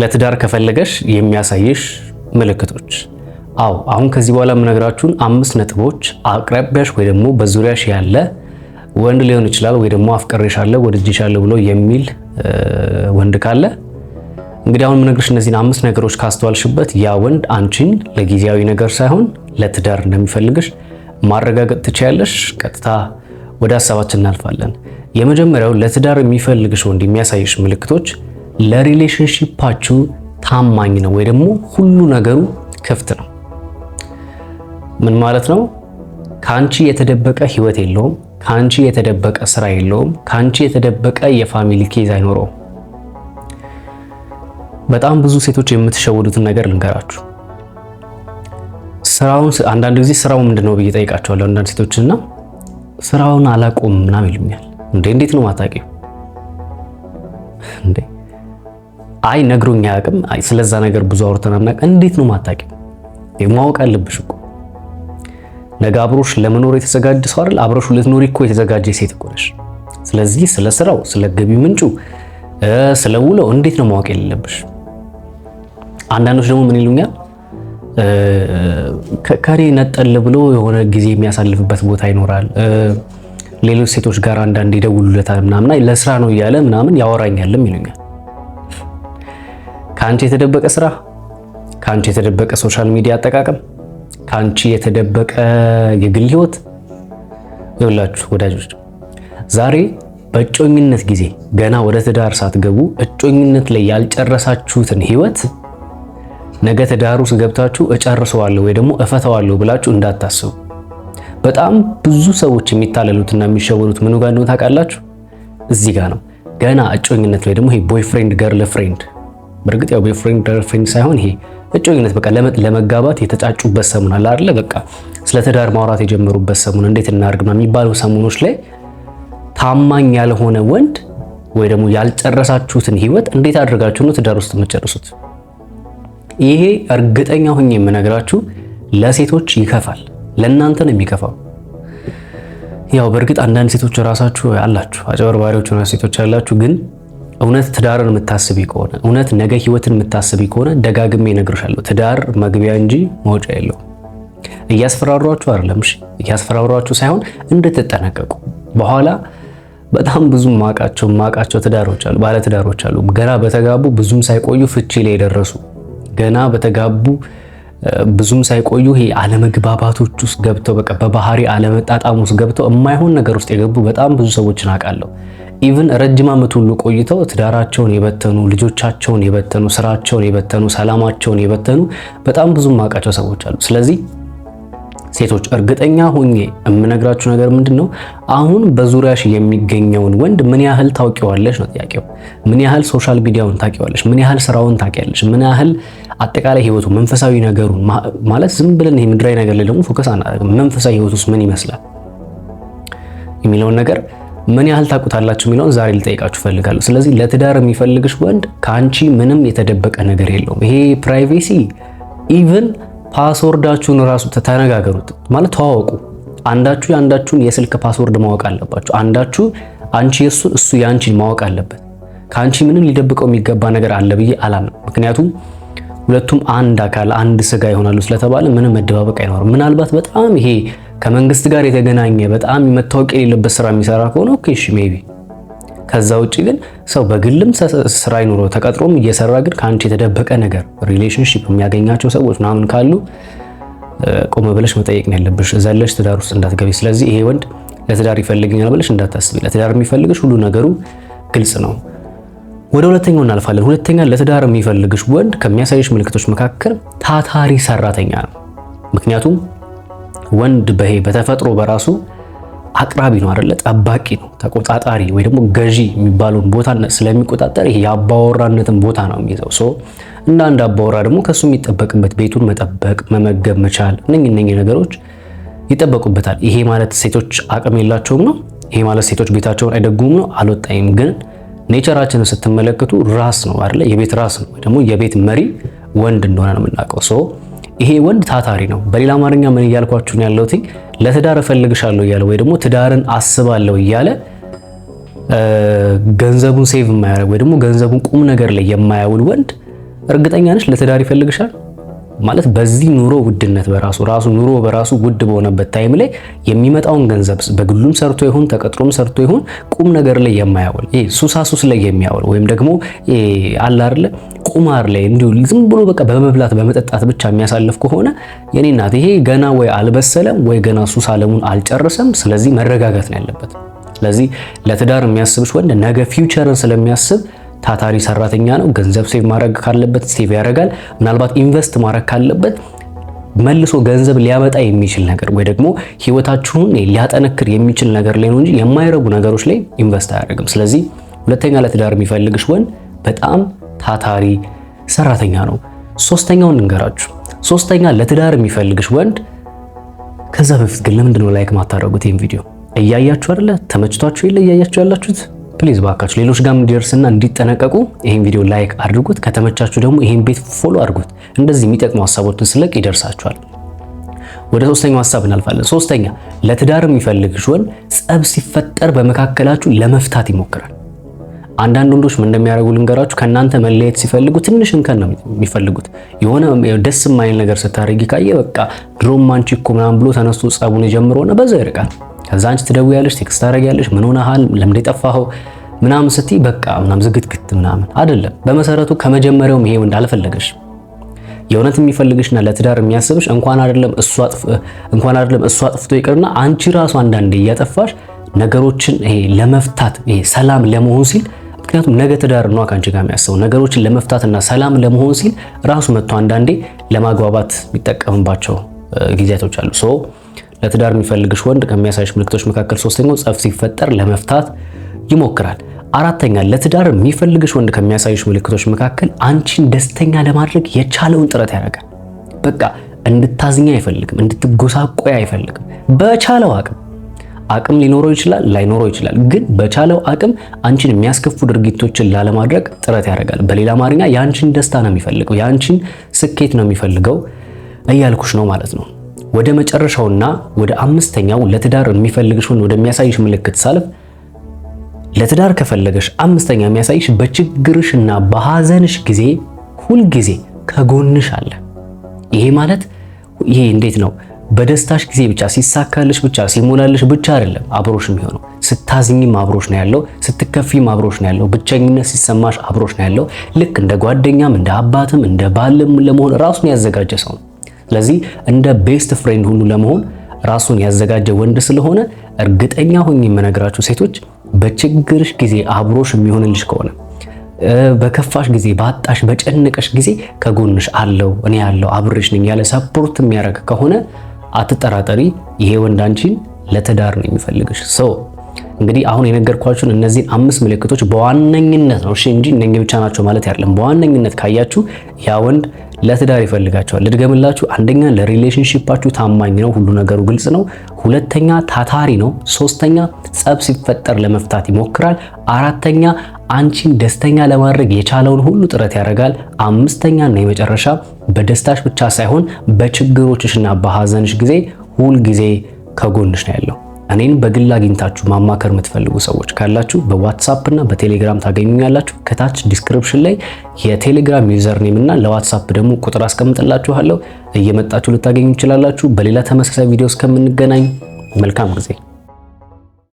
ለትዳር ከፈለገሽ የሚያሳይሽ ምልክቶች። አዎ አሁን ከዚህ በኋላ የምነግራችሁን አምስት ነጥቦች አቅራቢያሽ ወይ ደግሞ በዙሪያሽ ያለ ወንድ ሊሆን ይችላል ወይ ደግሞ አፍቅሬሻለሁ ወድጄሻለሁ ብሎ የሚል ወንድ ካለ እንግዲህ አሁን የምነግርሽ እነዚህን አምስት ነገሮች ካስተዋልሽበት ያ ወንድ አንቺን ለጊዜያዊ ነገር ሳይሆን ለትዳር እንደሚፈልግሽ ማረጋገጥ ትችያለሽ። ቀጥታ ወደ ሀሳባችን እናልፋለን። የመጀመሪያው ለትዳር የሚፈልግሽ ወንድ የሚያሳይሽ ምልክቶች ለሪሌሽንሺፓችሁ ታማኝ ነው ወይ ደግሞ ሁሉ ነገሩ ክፍት ነው። ምን ማለት ነው? ከአንቺ የተደበቀ ህይወት የለውም። ከአንቺ የተደበቀ ስራ የለውም። ከአንቺ የተደበቀ የፋሚሊ ኬዝ አይኖረውም። በጣም ብዙ ሴቶች የምትሸውዱትን ነገር ልንገራችሁ። ስራውን አንዳንድ ጊዜ ስራው ምንድነው ብዬ ጠይቃቸዋለሁ አንዳንድ ሴቶችና ስራውን አላቆም ምናምን ይሉኛል። እንዴ እንዴት ነው ማታውቂው እንዴ አይ ነግሮኝ አያውቅም፣ አይ ስለዛ ነገር ብዙ አውርተን አናውቅ። እንዴት ነው ማታቂ? የማወቅ አለብሽ እኮ ነገ አብሮሽ ለመኖር የተዘጋጀ ሰው አይደል? አብረሹ ልትኖሪ እኮ የተዘጋጀ ሴት እኮ ነሽ። ስለዚህ ስለ ስራው፣ ስለ ገቢ ምንጩ፣ ስለ ውለው እንዴት ነው ማወቅ የሌለብሽ? አንዳንዶች ደግሞ ምን ይሉኛል ከኔ ነጠል ብሎ የሆነ ጊዜ የሚያሳልፍበት ቦታ ይኖራል። ሌሎች ሴቶች ጋር አንዳንድ ይደውሉለታል ምናምን፣ ለስራ ነው እያለ ምናምን ያወራኛልም ይሉኛል። ከአንቺ የተደበቀ ስራ፣ ከአንቺ የተደበቀ ሶሻል ሚዲያ አጠቃቀም፣ ከአንቺ የተደበቀ የግል ህይወት። ይውላችሁ። ወዳጆች ዛሬ በእጮኝነት ጊዜ ገና ወደ ትዳር ሳትገቡ እጮኝነት ላይ ያልጨረሳችሁትን ህይወት ነገ ትዳር ውስጥ ገብታችሁ እጨርሰዋለሁ ወይ ደግሞ እፈተዋለሁ ብላችሁ እንዳታስቡ። በጣም ብዙ ሰዎች የሚታለሉትና የሚሸወሉት ምኑ ጋር እንደሆነ ታውቃላችሁ? እዚህ ጋር ነው። ገና እጮኝነት ወይ ደግሞ ይሄ ቦይፍሬንድ ገርል ፍሬንድ በእርግጥ ያው ቦይፍሬንድ ገርልፍሬንድ ሳይሆን ይሄ እጮኝነት በቃ ለመጋባት የተጫጩበት ሰሙን አለ አይደለ? በቃ ስለ ትዳር ማውራት የጀመሩበት ሰሙን እንዴት እናድርግ የሚባለው ሰሙኖች ላይ ታማኝ ያልሆነ ወንድ ወይ ደግሞ ያልጨረሳችሁትን ህይወት እንዴት አድርጋችሁ ነው ትዳር ውስጥ የምትጨርሱት? ይሄ እርግጠኛ ሁኜ የምነግራችሁ ለሴቶች ይከፋል፣ ለእናንተ ነው የሚከፋው። ያው በእርግጥ አንዳንድ ሴቶች ራሳችሁ አላችሁ፣ አጨበርባሪዎች ሆነ ሴቶች አላችሁ ግን እውነት ትዳርን የምታስቢ ከሆነ እውነት ነገ ህይወትን የምታስቢ ከሆነ ደጋግሜ እነግርሻለሁ፣ ትዳር መግቢያ እንጂ መውጫ የለውም። እያስፈራሯችሁ አይደለም፣ እሺ፣ እያስፈራሯችሁ ሳይሆን እንድትጠነቀቁ። በኋላ በጣም ብዙ ማቃቸው ማቃቸው ትዳሮች አሉ፣ ባለ ትዳሮች አሉ፣ ገና በተጋቡ ብዙም ሳይቆዩ ፍቺ ላይ የደረሱ ገና በተጋቡ ብዙም ሳይቆዩ ይሄ አለመግባባቶች ውስጥ ገብተው በቃ በባህሪ አለመጣጣም ውስጥ ገብተው የማይሆን ነገር ውስጥ የገቡ በጣም ብዙ ሰዎችን አውቃለሁ። ኢቭን ረጅም ዓመት ሁሉ ቆይተው ትዳራቸውን የበተኑ ልጆቻቸውን የበተኑ ስራቸውን የበተኑ ሰላማቸውን የበተኑ በጣም ብዙ ማውቃቸው ሰዎች አሉ። ስለዚህ ሴቶች እርግጠኛ ሆኜ የምነግራችሁ ነገር ምንድን ነው? አሁን በዙሪያሽ የሚገኘውን ወንድ ምን ያህል ታውቂዋለሽ ነው ጥያቄው። ምን ያህል ሶሻል ሚዲያውን ታውቂዋለሽ? ምን ያህል ስራውን ታውቂያለሽ? ምን ያህል አጠቃላይ ህይወቱ፣ መንፈሳዊ ነገሩን ማለት ዝም ብለን ይሄ ምድራዊ ነገር ላይ ደግሞ ፎከስ አናደርግም። መንፈሳዊ ህይወቱስ ምን ይመስላል የሚለውን ነገር ምን ያህል ታውቁታላችሁ የሚለውን ዛሬ ልጠይቃችሁ ፈልጋለሁ። ስለዚህ ለትዳር የሚፈልግሽ ወንድ ከአንቺ ምንም የተደበቀ ነገር የለውም። ይሄ ፕራይቬሲ ኢቭን ፓስወርዳችሁን ራሱ ተነጋገሩት፣ ማለት ተዋወቁ። አንዳችሁ የአንዳችሁን የስልክ ፓስወርድ ማወቅ አለባችሁ። አንዳችሁ አንቺ የእሱን እሱ የአንቺን ማወቅ አለበት። ከአንቺ ምንም ሊደብቀው የሚገባ ነገር አለ ብዬ አላምንም። ምክንያቱም ሁለቱም አንድ አካል አንድ ስጋ ይሆናሉ ስለተባለ ምንም መደባበቅ አይኖርም። ምናልባት በጣም ይሄ ከመንግስት ጋር የተገናኘ በጣም መታወቅ የሌለበት ስራ የሚሰራ ከሆነ ኦኬ እሺ ሜቢ። ከዛ ውጭ ግን ሰው በግልም ስራ ይኑረው ተቀጥሮም እየሰራ ግን ከአንቺ የተደበቀ ነገር ሪሌሽንሺፕ የሚያገኛቸው ሰዎች ምናምን ካሉ ቆመ ብለሽ መጠየቅ ነው ያለብሽ። ዘለሽ ትዳር ውስጥ እንዳትገቢ። ስለዚህ ይሄ ወንድ ለትዳር ይፈልግኛል ብለሽ እንዳታስቢ። ለትዳር የሚፈልግሽ ሁሉ ነገሩ ግልጽ ነው። ወደ ሁለተኛው እናልፋለን። ሁለተኛ ለትዳር የሚፈልግሽ ወንድ ከሚያሳይሽ ምልክቶች መካከል ታታሪ ሰራተኛ ነው። ምክንያቱም ወንድ በሄ በተፈጥሮ በራሱ አቅራቢ ነው አይደለ? ጠባቂ ነው፣ ተቆጣጣሪ ወይ ደግሞ ገዢ የሚባለውን ቦታ ስለሚቆጣጠር ይሄ የአባወራነትን ቦታ ነው የሚይዘው። ሶ እንደ አንድ አባወራ ደግሞ ከሱ የሚጠበቅበት ቤቱን መጠበቅ፣ መመገብ መቻል እነኝ እነኝ ነገሮች ይጠበቁበታል። ይሄ ማለት ሴቶች አቅም የላቸውም ነው? ይሄ ማለት ሴቶች ቤታቸውን አይደጉም ነው? አልወጣይም። ግን ኔቸራችንን ስትመለከቱ ራስ ነው አይደለ? የቤት ራስ ነው ደግሞ የቤት መሪ ወንድ እንደሆነ ነው የምናውቀው። ይሄ ወንድ ታታሪ ነው። በሌላ አማርኛ ምን እያልኳችሁ ነው ያለሁት? ለትዳር እፈልግሻለሁ እያለ ወይ ደግሞ ትዳርን አስባለሁ እያለ ገንዘቡን ሴቭ የማያደርግ ወይ ደግሞ ገንዘቡን ቁም ነገር ላይ የማያውል ወንድ እርግጠኛ ነች ለትዳር ይፈልግሻል? ማለት በዚህ ኑሮ ውድነት በራሱ ራሱ ኑሮ በራሱ ውድ በሆነበት ታይም ላይ የሚመጣውን ገንዘብ በግሉም ሰርቶ ይሁን ተቀጥሮም ሰርቶ ይሁን ቁም ነገር ላይ የማያውል ይሄ ሱሳሱስ ላይ የሚያውል ወይም ደግሞ አለ አይደለ ቁማር ላይ እንዲሁ ዝም ብሎ በቃ በመብላት በመጠጣት ብቻ የሚያሳልፍ ከሆነ የኔ እናት ይሄ ገና ወይ አልበሰለም ወይ ገና ሱስ አለሙን አልጨረሰም። ስለዚህ መረጋጋት ነው ያለበት። ስለዚህ ለትዳር የሚያስብሽ ወንድ ነገ ፊውቸርን ስለሚያስብ ታታሪ ሰራተኛ ነው። ገንዘብ ሴቭ ማድረግ ካለበት ሴቭ ያደርጋል። ምናልባት ኢንቨስት ማድረግ ካለበት መልሶ ገንዘብ ሊያመጣ የሚችል ነገር ወይ ደግሞ ህይወታችሁን ሊያጠነክር የሚችል ነገር ላይ ነው እንጂ የማይረጉ ነገሮች ላይ ኢንቨስት አያደርግም። ስለዚህ ሁለተኛ ለትዳር የሚፈልግሽ ወንድ በጣም ታታሪ ሰራተኛ ነው። ሶስተኛውን እንገራችሁ። ሶስተኛ ለትዳር የሚፈልግሽ ወንድ ከዛ በፊት ግን ለምንድነው ላይክ ማታደርጉት? ይህን ቪዲዮ እያያችሁ አይደለ? ተመችቷችሁ የለ እያያችሁ ያላችሁት ፕሊዝ ባካችሁ ሌሎች ጋር እንዲደርስና እንዲጠነቀቁ ይሄን ቪዲዮ ላይክ አድርጉት። ከተመቻችሁ ደግሞ ይሄን ቤት ፎሎ አድርጉት። እንደዚህ የሚጠቅሙ ሀሳቦችን ስለቅ ይደርሳችኋል። ወደ ሶስተኛው ሀሳብ እናልፋለን። ሶስተኛ ለትዳር የሚፈልግሽ ወንድ ጸብ ሲፈጠር በመካከላችሁ ለመፍታት ይሞክራል። አንዳንድ ወንዶች ምን እንደሚያደርጉ ልንገራችሁ። ከእናንተ መለየት ሲፈልጉ ትንሽ እንከን ነው የሚፈልጉት። የሆነ ደስ የማይል ነገር ስታደርጊ ካየ በቃ ድሮም አንቺ እኮ ምናምን ብሎ ተነስቶ ጸቡን የጀምረውና በዛ ይርቃል። ከዛ አንቺ ትደውያለሽ፣ ቴክስት ታደርጊያለሽ፣ ምን ሆነሃል፣ ለምን የጠፋኸው ምናምን ስትይ በቃ ምናምን ዝግትግት ምናምን አይደለም። በመሰረቱ ከመጀመሪያውም ይሄ ወንድ አልፈለገሽ። የእውነት የሚፈልግሽና ለትዳር የሚያስብሽ እንኳን አይደለም እሱ አጥፍ እንኳን አይደለም እሱ አጥፍቶ ይቅርና አንቺ ራሱ አንዳንዴ እያጠፋሽ ነገሮችን ይሄ ለመፍታት ይሄ ሰላም ለመሆን ሲል ምክንያቱም ነገ ትዳር ነው ከአንቺ ጋር የሚያስበው ነገሮችን ለመፍታትና ሰላም ለመሆን ሲል ራሱ መጥቶ አንዳንዴ ለማግባባት የሚጠቀምባቸው ጊዜያቶች አሉ። ሶ ለትዳር የሚፈልግሽ ወንድ ከሚያሳይሽ ምልክቶች መካከል ሶስተኛው ጸፍ ሲፈጠር ለመፍታት ይሞክራል። አራተኛ ለትዳር የሚፈልግሽ ወንድ ከሚያሳይሽ ምልክቶች መካከል አንቺን ደስተኛ ለማድረግ የቻለውን ጥረት ያደርጋል። በቃ እንድታዝኛ አይፈልግም፣ እንድትጎሳቆያ አይፈልግም። በቻለው አቅም አቅም ሊኖረው ይችላል ላይኖረው ይችላል፣ ግን በቻለው አቅም አንቺን የሚያስከፉ ድርጊቶችን ላለማድረግ ጥረት ያደርጋል። በሌላ አማርኛ የአንቺን ደስታ ነው የሚፈልገው፣ የአንቺን ስኬት ነው የሚፈልገው እያልኩሽ ነው ማለት ነው። ወደ መጨረሻውና ወደ አምስተኛው ለትዳር የሚፈልግሽውን ወደሚያሳይሽ ምልክት ሳልፍ ለትዳር ከፈለገሽ አምስተኛ የሚያሳይሽ በችግርሽና በሐዘንሽ ጊዜ ሁልጊዜ ከጎንሽ አለ። ይሄ ማለት ይሄ እንዴት ነው? በደስታሽ ጊዜ ብቻ ሲሳካልሽ ብቻ ሲሞላልሽ ብቻ አይደለም አብሮሽ የሚሆነው። ስታዝኝም አብሮሽ ነው ያለው፣ ስትከፊም አብሮሽ ነው ያለው፣ ብቸኝነት ሲሰማሽ አብሮሽ ነው ያለው። ልክ እንደ ጓደኛም እንደ አባትም እንደ ባልም ለመሆን ራሱን ያዘጋጀ ሰው ነው። ስለዚህ እንደ ቤስት ፍሬንድ ሁሉ ለመሆን ራሱን ያዘጋጀ ወንድ ስለሆነ እርግጠኛ ሆኜ የምነግራችሁ ሴቶች በችግርሽ ጊዜ አብሮሽ የሚሆንልሽ ከሆነ በከፋሽ ጊዜ፣ ባጣሽ፣ በጨነቀሽ ጊዜ ከጎንሽ አለው እኔ ያለው አብሬሽ ነኝ ያለ ሰፖርት የሚያደርግ ከሆነ አትጠራጠሪ፣ ይሄ ወንድ አንቺን ለትዳር ነው የሚፈልግሽ። ሰው እንግዲህ አሁን የነገርኳችሁን እነዚህን አምስት ምልክቶች በዋነኝነት ነው እሺ፣ እንጂ እነኚህ ብቻ ናቸው ማለት አይደለም። በዋነኝነት ካያችሁ ያ ወንድ ለትዳር ይፈልጋቸዋል። ልድገምላችሁ፣ አንደኛ ለሪሌሽንሺፓችሁ ታማኝ ነው፣ ሁሉ ነገሩ ግልጽ ነው። ሁለተኛ ታታሪ ነው። ሶስተኛ ጸብ ሲፈጠር ለመፍታት ይሞክራል። አራተኛ አንቺን ደስተኛ ለማድረግ የቻለውን ሁሉ ጥረት ያደርጋል። አምስተኛ እና የመጨረሻ በደስታሽ ብቻ ሳይሆን በችግሮችሽና በሐዘንሽ ጊዜ ሁልጊዜ ከጎንሽ ነው ያለው። እኔን በግል አግኝታችሁ ማማከር የምትፈልጉ ሰዎች ካላችሁ በዋትሳፕ እና በቴሌግራም ታገኙኛላችሁ። ከታች ዲስክሪፕሽን ላይ የቴሌግራም ዩዘር ኔም እና ለዋትሳፕ ደግሞ ቁጥር አስቀምጥላችኋለሁ። እየመጣችሁ ልታገኙ ትችላላችሁ። በሌላ ተመሳሳይ ቪዲዮ እስከምንገናኝ መልካም ጊዜ